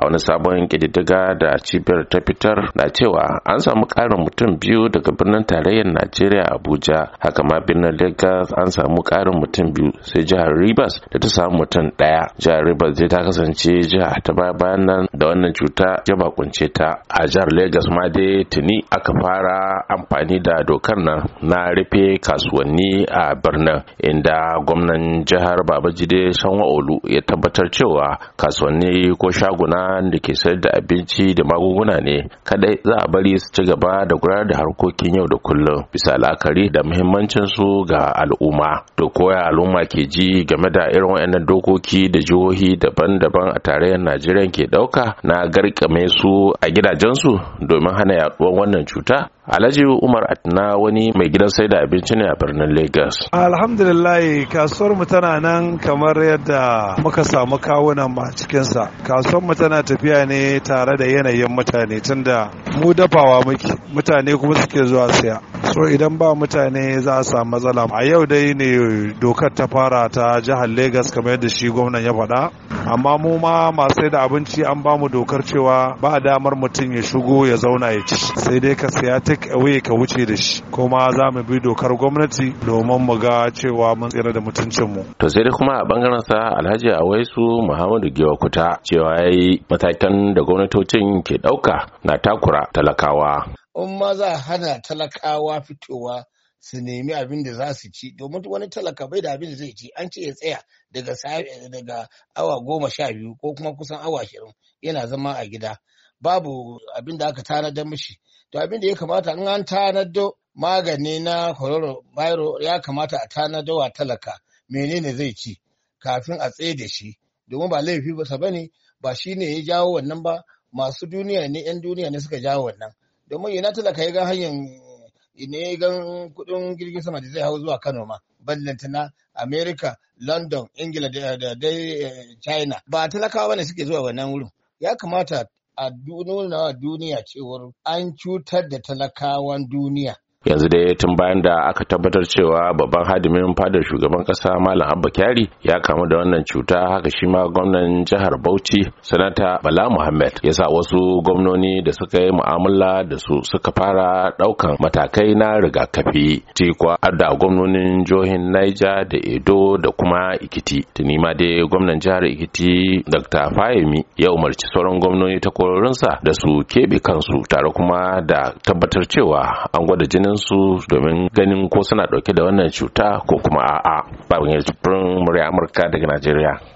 a wani sabon kididiga da cibiyar ta fitar na cewa an samu ƙarin mutum biyu daga birnin tarayyar najeriya abuja haka ma birnin lagos an samu ƙarin mutum biyu sai jihar rivers da ta samu mutum ɗaya jihar rivers zai ta kasance jiha ta baya bayan nan da wannan cuta ya bakunce ta a jihar lagos ma dai tuni aka fara amfani da dokar nan na rufe kasuwanni a birnin inda gwamnan jihar babajide sanwa olu ya tabbatar cewa kasuwanni ko shaguna jami'an da ke sayar da abinci da magunguna ne kadai za a bari su ci gaba da gudanar da harkokin yau da kullum bisa la'akari da muhimmancin su ga al'umma to koya al'umma ke ji game da irin wayannan dokoki da jihohi daban-daban a tarayyar Najeriya ke dauka na garkame su a gidajen su, domin hana yaduwar wannan cuta Alhaji Umar Atna wani mai gidan sai da abinci ne a birnin Lagos. Alhamdulillah kasuwar mu tana nan kamar yadda muka samu kawunan ma cikinsa. Kasuwar mu tana tana tafiya ne tare da yanayin mutane tunda mu dafawa muke mutane kuma suke zuwa siya so idan ba mutane za a samu matsala a yau dai ne dokar ta fara ta jihar Legas kamar yadda shi gwamnan ya faɗa amma mu ma masu sai da abinci an ba mu dokar cewa ba damar mutum ya shigo ya zauna ya ci sai dai ka saya take away ka wuce da shi kuma za mu bi dokar gwamnati domin mu ga cewa mun tsira da mutuncin mu to sai dai kuma a bangaren sa Alhaji Awaisu Muhammadu kuta cewa yayi matakan da gwamnatocin ke dauka na takura talakawa Umma za a hana talakawa fitowa su nemi abin da za su ci domin wani talaka bai da abin da zai ci an ce ya tsaya daga awa goma sha biyu ko kuma kusan awa ashirin yana zama a gida babu abin da aka da mishi to abin da ya kamata in an tanado magani na coronavirus ya kamata a tanado wa talaka menene zai ci kafin a tsaye da shi domin ba laifi ba bane ba shi ne ya jawo wannan ba masu duniya ne 'yan duniya ne suka jawo wannan domin yana talaka ya ga hanyar ne gan kuɗin jirgin sama da zai hau zuwa Kano ma ballantana America, London, Ingila da dai eh, China ba talakawa bane suke zuwa wannan wurin. Ya kamata a nuna duniya cewar an cutar da talakawan duniya yanzu dai tun bayan da aka tabbatar cewa babban hadimin fadar shugaban kasa malam abba kyari ya kamu da wannan cuta haka shi ma gwamnan jihar bauchi sanata bala muhammad ya sa wasu gwamnoni da suka yi mu'amala da su suka fara daukan matakai na rigakafi kuwa da gwamnonin jihohin naija da edo da kuma ikiti tuni ma dai gwamnan jihar ikiti dr fahimi ya umarci sauran gwamnoni ta takwarorinsa da su keɓe kansu tare kuma da tabbatar cewa an gwada jinin tsakaninsu domin ganin ko suna ɗauke da wannan cuta ko kuma a'a. Babin Yajibirin Murya Amurka daga Najeriya.